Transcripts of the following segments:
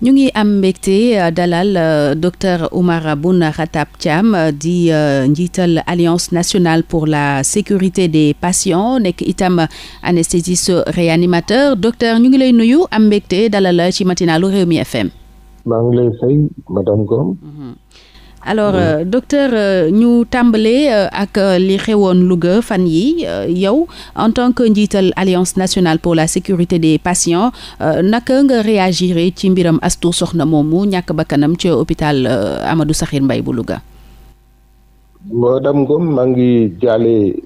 ñu ngi am mbégte euh, dalal euh, docteur Oumar Boun Khatab Thiam euh, di njiital alliance nationale pour la sécurité des patients nekk itam anesthésiste réanimateur docteur ñu ngi lay nuyu am mbégte dalal ci matinalu Rewmi FM. alors euh, docteur euh, ñu tàmbalee euh, ak euh, li xewoon Louga fan yi yow en tant que njiital alliance nationale pour la sécurité des patients naka nga réagir ci mbiram Astou Soxna moomu ñàkk bakkanam ci hôpital amadu Sakhir mbay bu Louga. madame Ngom maa ngi jaale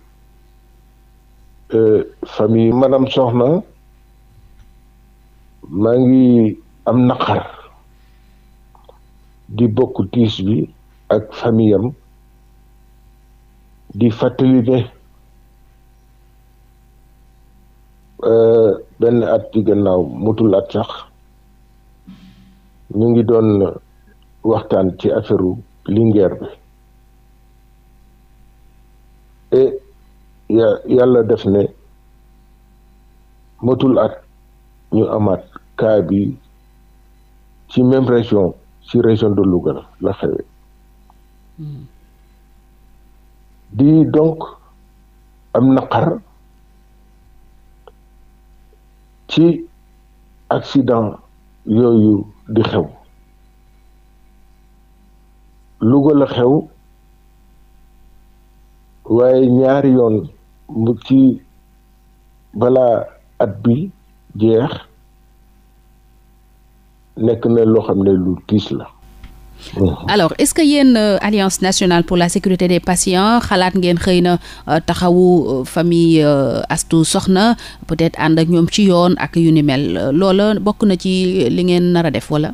famille madame Soxna maa ngi am naqar di bokk tiis bi. ak famille di fàttali ne euh, at ci gannaaw mutul at sax ñu ngi doon waxtaan ci affaire Linguère bi et yàlla def ne matul at ñu amaat cas ci même région ci région de Louga la xewe di donc am naqar ci accident yooyu di xew Louga la xew waaye ñaari yoon mu ci balaa at bi jeex nekk na loo xam ne lu tiis la alors est-ce que yéen euh, alliance nationale pour la sécurité des patients xalaat ngeen xëy na euh, taxawu euh, famille Astou soxna peut-être ànd ak ñoom ci yoon ak yu ni mel loola bokk na ci li ngeen nar a def wala.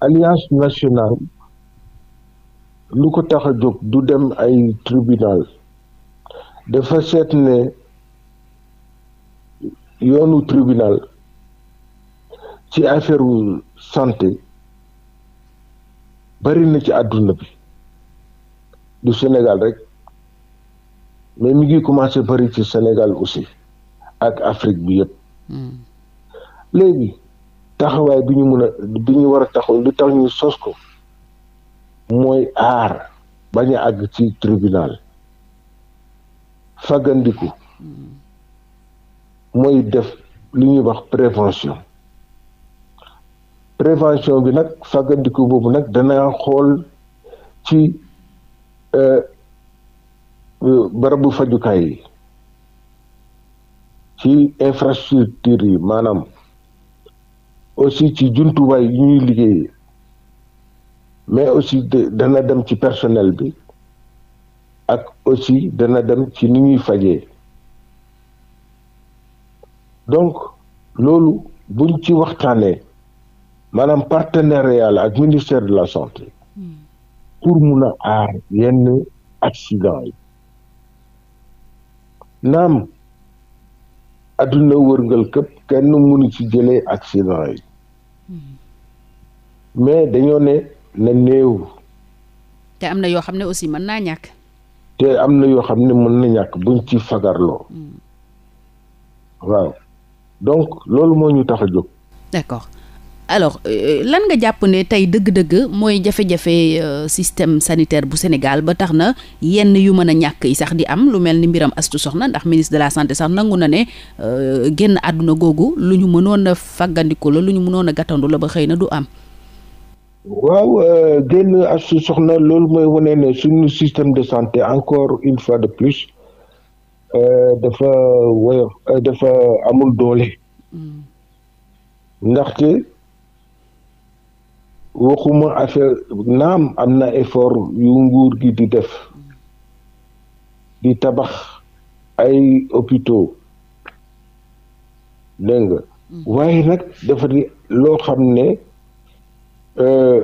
alliance nationale lu ko tax jóg du dem ay tribunal dafa seet ne yoonu tribunal ci affaire santé. bari na ci àdduna bi du Sénégal rek mais mi ngi commencé bari ci Sénégal aussi ak Afrique bi yëpp hmm. léegi taxawaay bi ñu mën a bi ñu war a taxaw lu tax ñu sos ko mooy aar bañ a àgg ci tribunal faggandiku hmm. mooy def li ñuy wax prévention prévention bi nag fàggandiku boobu nag dana xool ci euh, barabu fajukaay yi ci infrastructure yi maanaam aussi ci jumtuwaay yi ñuy liggéey mais aussi dana dem ci personnel bi ak aussi dana dem ci ni ñuy fajee donc loolu buñ ci waxtaanee maanaam partenariat la ak ministère de la santé hmm. pour mun a aar yenn accident yi naam adduna wërngal këpp kenn mënu ci jëlee accident yi hmm. mais dañoo ne na néew. te am na yoo xam ne aussi mën naa ñàkk. te am na yoo xam ne mën na ñàkk buñ ci fagarloo. Hmm. waaw donc loolu moo ñu tax a jóg. alors euh, lan nga jàpp ne tey dëgg-dëgg mooy jafe-jafe euh, système sanitaire bu Sénégal ba tax na yenn yu mën a ñàkk yi sax di am lu mel ni mbiram astu soxna ndax ministre de la santé sax nangu na ne euh, génn àdduna googu lu ñu mënoon a fàggandiku la lu ñu mënoon a gàttandu la ba xëy na du am. waaw génn astu soxna loolu mooy wane ne suñu système de santé encore une fois de plus dafa woyof dafa amul doole. Hmm. ndaxte. waxuma affaire naam am na effort yu nguur gi di def di tabax ay hôpitaux dégg nga mm. waaye nag dafa loo xam ne euh,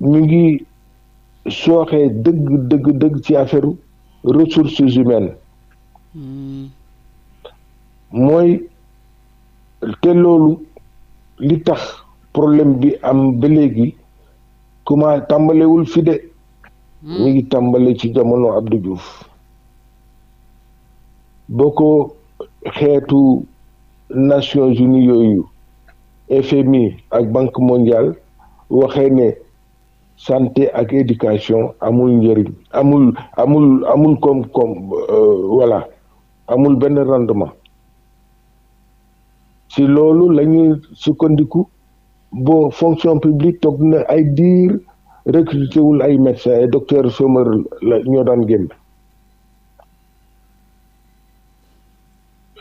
mu ngi sooxee dëgg dëgg dëgg ci affaire ressources humaines mm. mooy te loolu li tax problème bi am ba léegi comment tàmbalewul fi de hmm. mi ngi tàmbale ci jamono Abdou Diouf boo ko xeetu Nations Unies yooyu FMI ak bank mondiale waxee ne santé ak éducation amul njëriñ amul amul amul koom-koom euh, voilà amul benn rendement ci loolu la sukkandiku boo fonction publique toog na ay diir recruté wul ay médecins ay docteur chômeur ñoo daan génn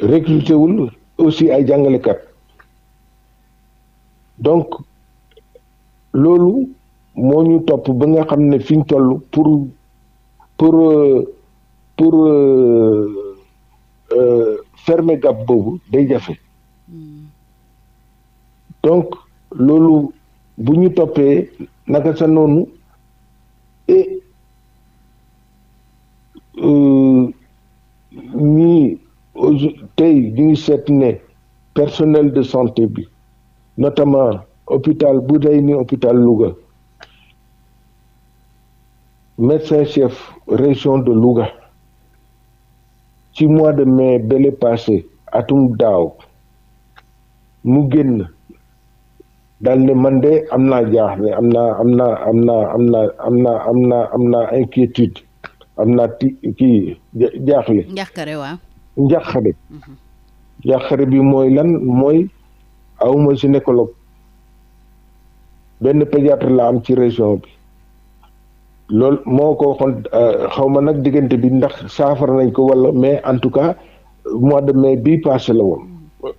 recruté wul aussi ay jàngalekat donc loolu moo ñu topp ba nga xam ne fi ñu toll pour pour pour euh, fermer gap boobu day jafe hmm. donc loolu bu ñu toppee naka sa noonu et euh, ñii tey ñu ngi seet ne personnel de santé bi notamment hôpital bu day ni hôpital Louga médecin chef région de Louga ci mois de mai bele passé atum daaw mu génn daal ne man de am naa jaaxle am naa am na am na am na am naa am naa am naa inquiétude am naa ti kii jaaxle. njàqare waaw. njàqare. Mhm. njàqare bi mooy lan mooy awma gynécologue benn pédiatre la am ci région bi loolu moo ko waxoon euh, xaw ma nag diggante bi ndax saafara nañ ko walla mais en tout cas mois de mai bii passé la woon mhm.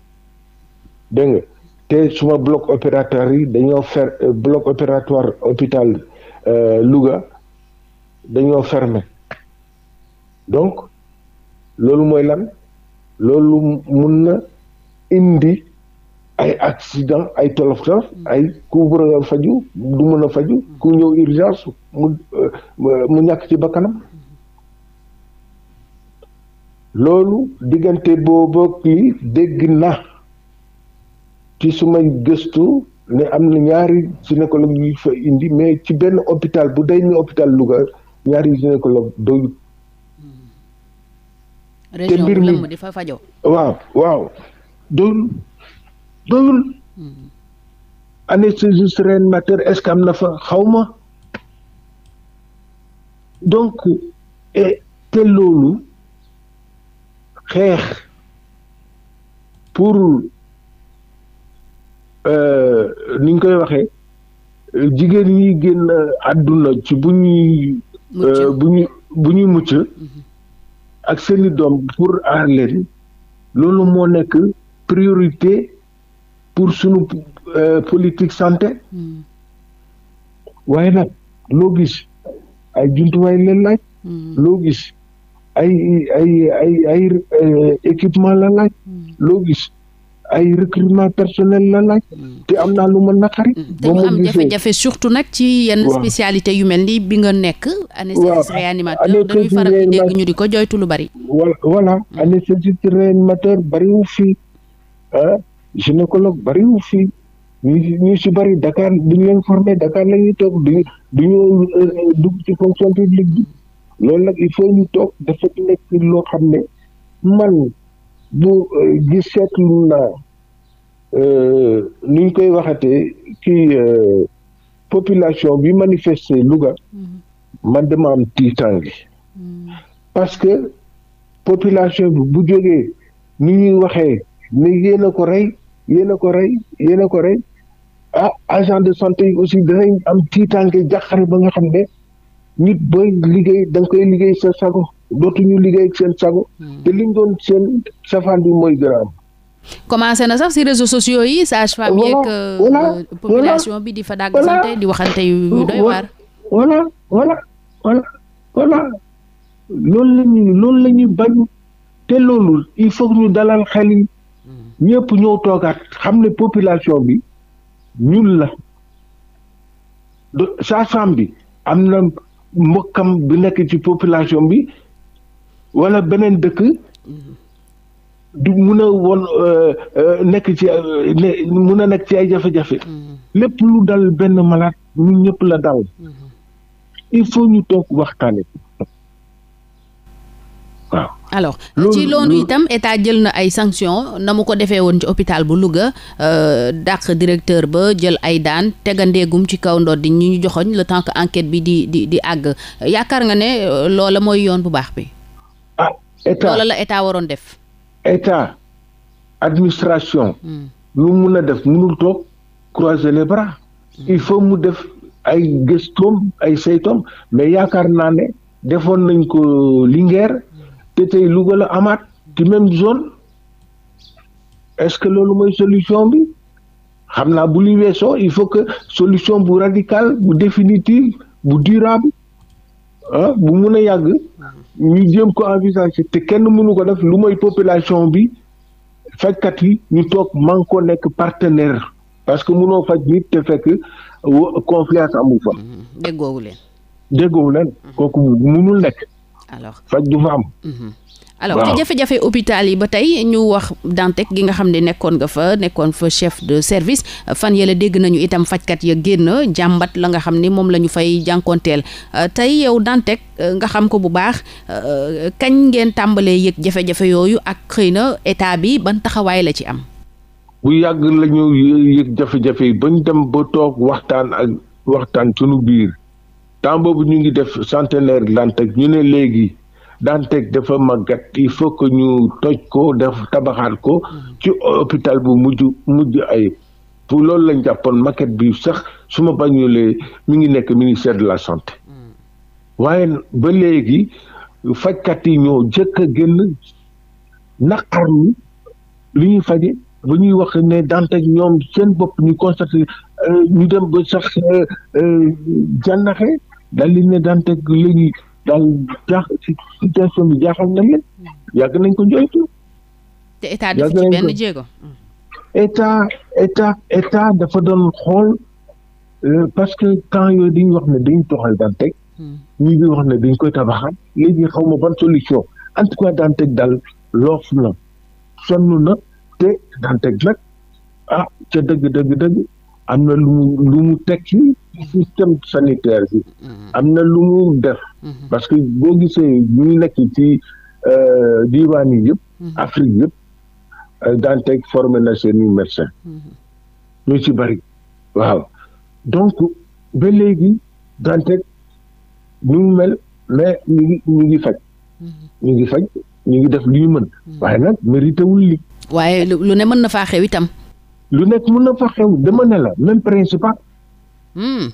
dégg nga te suma bloc opératoire yi dañoo fer euh, bloc opératoire hôpital euh, Louga dañoo fermé donc loolu mooy lan loolu mun na indi ay accident ay tolof tolof ay ku bëgg a faju du mën faju ku ñëw urgence mu euh, mu ci bakkanam loolu diggante boobu ak li dégg na ci sumay gëstu ne am na ñaari gynécologue yu fa indi mais ci benn hôpital bu day ni hôpital Louga ñaari gynécologue doyut te mbir mi di fa fajoo waaw waaw doyul doyul anesthésiste réanimateur est-ce que am na fa xawma donc et te loolu xeex pour Euh, ni koy waxee jigéen ñi génn àdduna ci bu ñuy. Euh, bu ñuy mucc. Mhm. ak seeni doom pour aar loolu moo nekk priorité pour sunu euh, politique santé. Mhm. waaye nag loo gis ay jumtuwaay leen laaj. Mhm. loo gis ay ay ay ay équipement la loo gis. ay recrutement personnel la laaj mm. te am naa lu ma naqari ba mm. mu am jafe-jafe surtout nag ci yenn spécialité yu mel ni bi nga nekk anesthésiste réanimateur dañuy faral di dégg ñu di ko joytu lu bari voilà mm. anesthésiste réanimateur bariwu fii ah gynécologue bariwu fii si bari Dakar bu ñu leen formé Dakar la ñuy toog du du ñu euh, dugg ci fonction publique bi loolu nag il faut ñu toog dafa nekk loo xam ne man bu euh, gi seetlu naa Euh, nu ñu koy waxatee kii euh, population bi manifester Louga mm-hmm. man dama am tiitange mm-hmm. parce que population bi bu jógee ni ñuy waxee ne yéen a ko rey yéen a ko rey yéen a ko rey ah agent de santé aussi danañ am tiitange jàqare ba nga xam ne nit booy liggéey da koy liggéey sa sago dootuñu liggéey seen sago mm-hmm. te liñ doon seen safaan bi mooy gën am commencé na sax ci réseaux sociaux yi sage-femme yeeg euh, population bi di fa te di waxante yu doy waar voilà voilà voilà loolu la bañ te loolu il faut ñu dalal xel yi ñëpp ñëw toogaat xam ne population bi ñun la sage bi am na mbokkam bi nekk ci population bi wala beneen dëkk du mun a won euh, euh, nekk ci euh, mun a nekk ci ay jafe-jafe mm-hmm. lépp lu dal benn malade ñun ñëpp la dal mm-hmm. il faut ñu toog waxtaane waaw alors ci loolu itam état jël na ay sanctions na mu ko defee woon ci hôpital bu Louga daq directeur ba jël ay daan tegandeegum ci kaw ndoor di ñu ñu joxoñ le temps que bi di di di àgg yaakaar nga ne loola mooy yoon bu baax bi. ah état loola la état waroon def. état administration. Hmm. lu mun a def munul toog croiser les bras. Hmm. il faut mu def ay gëstoom ay saytoom mais yaakaar naa ne defoon nañ ko Linguère te tey Louga la amaat ci même zone est-ce que loolu mooy solution bi xam naa bu li weesoo il faut que solution bu radicale bu définitive bu durable. Ah, bu mun a yàgg ñu jëm ko envisager te kenn mënu ko def lu mooy population bi fajkat yi ñu toog man ko nekk partenaire parce que mënoo faj nit te fekk confiance amu fa. Mm-hmm. déggoowu leen. déggoowu leen. Mm-hmm. kooku mënul nekk. alors faj du fa am. Mm-hmm. alors ci jafe-jafe hôpital yi ba tey ñu wax Dantec gi nga xam ne nekkoon nga fa nekkoon fa chef de service fan yële dégg nañu itam fajkat ya génn jàmbat la nga xam ni moom la ñu fay jànkoonteel euh, tey yow Dantec euh, nga xam ko bu baax euh, kañ ngeen tàmbalee yëg jafe-jafe yooyu ak xëy na état bi ban taxawaay la ci am. bu yàgg lañu ñu yëg jafe-jafe yi bañ dem ba toog waxtaan ak waxtaan sunu biir temps boobu ñu ngi def centenaire Dantec ñu ne léegi. Dantec dafa màggat il faut que ñu toj ko def tabaxaat ko ci hôpital bu mujj mujj ayib pour loolu lañ jàppoon maquette bi sax su ma bañulee mu ngi nekk ministère de la santé waaye ba léegi fajkat yi ñoo jëkk génn naqar ni li ñuy faje ba ñuy wax ne Dantec ñoom seen bopp ñu constaté euh, ñu dem ba sax euh, euh, jànnaxe daal li ne Dantec léegi daal jaax situation bi jaaxal na leen yàgg nañ ko jooytu. te état def ci benn jéego. état état dafa doon xool euh, parce que temps yooyu dañuy wax ne dañu toxal Dantec. Hmm. ñii di wax ne dañ koy tabaxaat léegi xaw ma ba solution en tout cas Dantec daal loof na sonn na te Dantec nag ah ca dëgg dëgg dëgg am na lu mu lu mu tekki système sanitaire bi mm-hmm. am na lu mu def mm-hmm. parce que boo gisee ñuy nekk ci euh, diwaan yi yëpp mm-hmm. Afrique yëpp euh, Dantec formé na seeni médecin ñu ci bari waaw donc ba léegi Dantec ñu mu mel mais ñu ngi ñu ngi faj ñu ngi def lu ñu mën waaye nag mérité li waaye lu ne mën na faa xew itam lu nekk mën na fa xew dama ne la même principal. Hmm.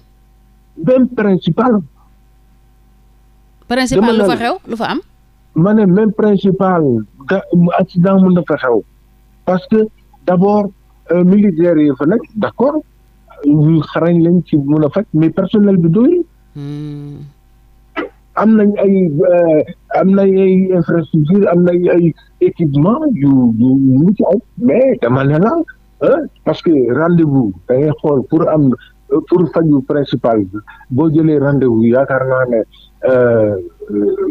même principal. principal lu fa xew lu fa am. ma ne même principal da accident mën na fa xew parce que d' abord euh, militaires yi fa nekk d' accord ñu xarañ lañ ci mën a faj mais personnel bi doyul. Hmm. am nañ ay euh, am nañ ay infrastructure am nañ ay équipement yu yu ci ay mais dama ne la. parce que rendez-vous da ngay xool pour am pour faju principal bi boo jëlee rendez-vous yaakaar naa ne euh,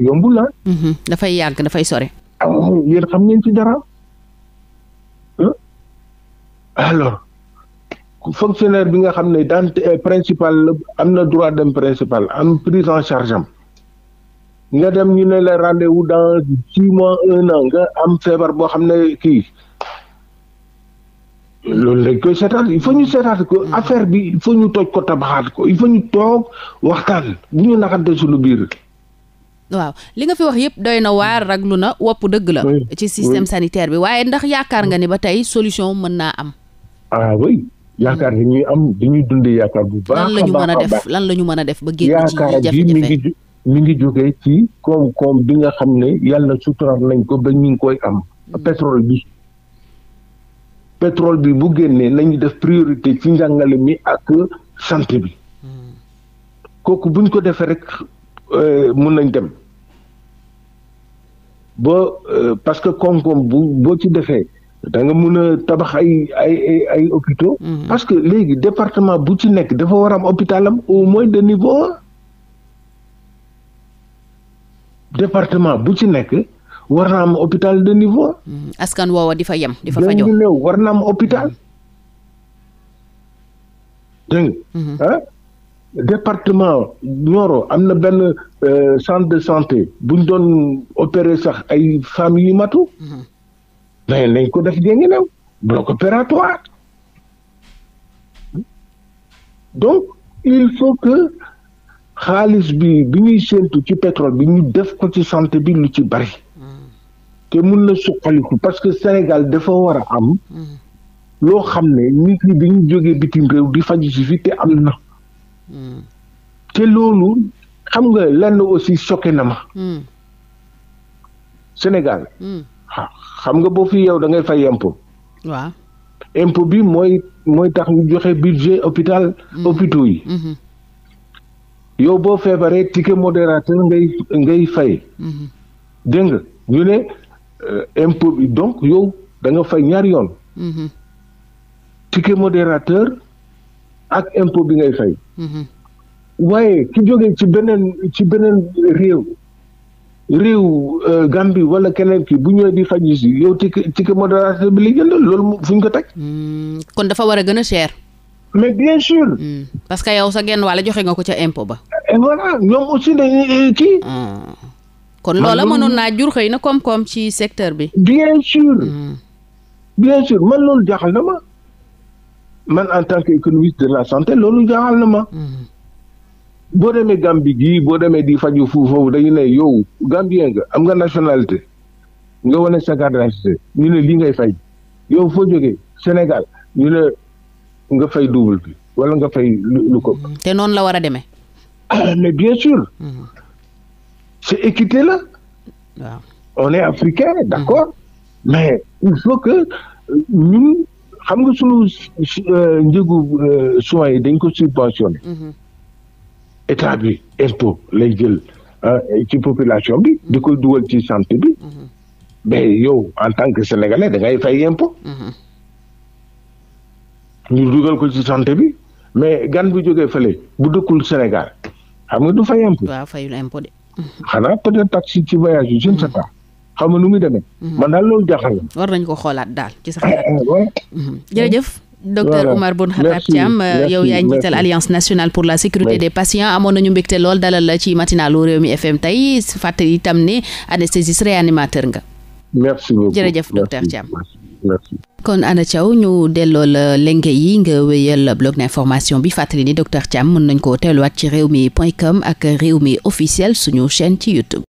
yombul la mhm. dafay yàgg dafay sore. Ah, yéen xam ngeen ci dara alors fonctionnaire bi nga xam ne daan euh, principal am na droit dem principal am prise en charge am nga dem ñu ne la rendez-vous dans six mois un an nga am feebar boo xam ne kii. loolu lañ koy seetaat il faut ñu seetaat ko hmm. affaire bi il ñu toj ko tabaxaat ko il faut ñu toog waxtaan bu ñu naxante suñu biir. waaw li nga fi wax yëpp doy na waar raglu na wopp dëgg la. ci système sanitaire bi waaye ndax yaakaar nga ni ba tey solution mën naa am. ah oui yaakaar bi ñuy am dañuy dundee yaakaar bu baax. lan la ñu a def lan la ñu mën a def ba génn ci jafe ngi jógee ci koom-koom bi nga xam ne yàlla suturaat nañ ko ba ñu ngi koy am hmm. pétrole bi. pétrole bi bu génnee nañu def priorité ci njàngale mi ak santé bi kooku buñ ko defee rek euh, mun nañ dem ba euh, parce que koom bu boo ci defee da nga mun a tabax ay ay ay hôpitaux mm-hmm. parce que léegi département bu ci nekk dafa war am hôpitalam au moins de niveau département bu ci nekk war na am hôpital de niveau. Mm. askan woowa di fa yem di fa fajoo néew war na am hôpital. Mm. dégg nga mm-hmm. département Nioro am na benn euh, centre de santé buñ doon opérer sax ay famille yu matu. Mm-hmm. mais nañ ko def jëngi néew bloc opératoire. donc il faut que xaalis bi bi ñuy séentu ci pétrole bi ñu def ko ci santé bi lu ci bari. te mun na suqaliku parce que Sénégal dafa war a am loo xam ne nit ñi dañu jógee bitim réew di faju si fi te am na te loolu xam nga lenn aussi choqué na ma Sénégal xam nga boo fi yow da ngay fay impôt waaw bi mooy mooy tax ñu joxe budget hôpital mm-hmm. hôpitaux yi mm-hmm. yow boo feebaree ticket modérateur ngay fay mm-hmm. dégg ñu ne Euh, impôt bi donc yow da nga fay ñaari yoon. Mhm. ticket modérateur ak impôt bi ngay fay. Mhm. waaye ki jógee ci beneen ci beneen réew. réew euh, Gambie wala keneen ki bu ñëwee di faj si yow ticket ticket modérateur bi li jënd loolu fu ñu ko teg. Hmm. kon dafa war a gën a cher. mais bien sûr. Hmm. parce que yow sa genn wàll joxe nga ko ca impôt ba. ñoom aussi dañuy euh, kii. Ah. kon loola mënoon naa jur xëy na koom-koom ci secteur bi. bien sûr. Mm. bien sûr man loolu jaaxal na ma man en tant que économiste de la santé loolu jaaxal na ma. Hmm. boo demee Gambie gi boo demee di faju foofu dañu ne yow Gambien nga am nga nationalité nga wane sa carte d'identité ñu ne lii ngay fay yow foo jógee Sénégal ñu ne nga fay double bi wala nga fay lu ko. Hmm. te noonu la war a demee. mais bien sûr. Hmm. ce équité-là. waaw ah. on est africain d'accord mm. mais il faut que ñun euh, xam nga sunu euh, njëgu euh, soins dañ ko subventionné. Mm-hmm. état bi impôt lay jël ci population bi. di koy dugal ci santé bi. Mm-hmm. mais yow en tant que sénégalais da ngay fay impôt. Mm-hmm. ñu dugal ko ci santé bi mais gan bu jógee fële bu dëkkul Sénégal xam nga du fay impôt. de. xanaa peut-être taxi ci voyage yi je ne sais pas. xam nu muy demee. Mhm. man daal loolu jaaxal war nañ ko xoolaat daal ci sa xalaat. Ah, mhm. mm-hmm. jërëjëf. docteur voilà. Oumar Boun Khatab Thiam euh, yow yaay njiital alliance nationale pour la sécurité merci. des patients amoon nañu mbégte lool dalal la ci matinalu mi FM tey fàttali itam ni anesthésiste réanimateur nga. merci beaucoup jërëjëf docteur Thiam. merci. kon Anna Thiaw ñu delloo la lenge yi nga wéyal blog d'information bi fàttali ni docteur Thiam mën nañ koo teeluwaat ci réew mi point com ak réew mi officiel suñu chaîne ci YouTube.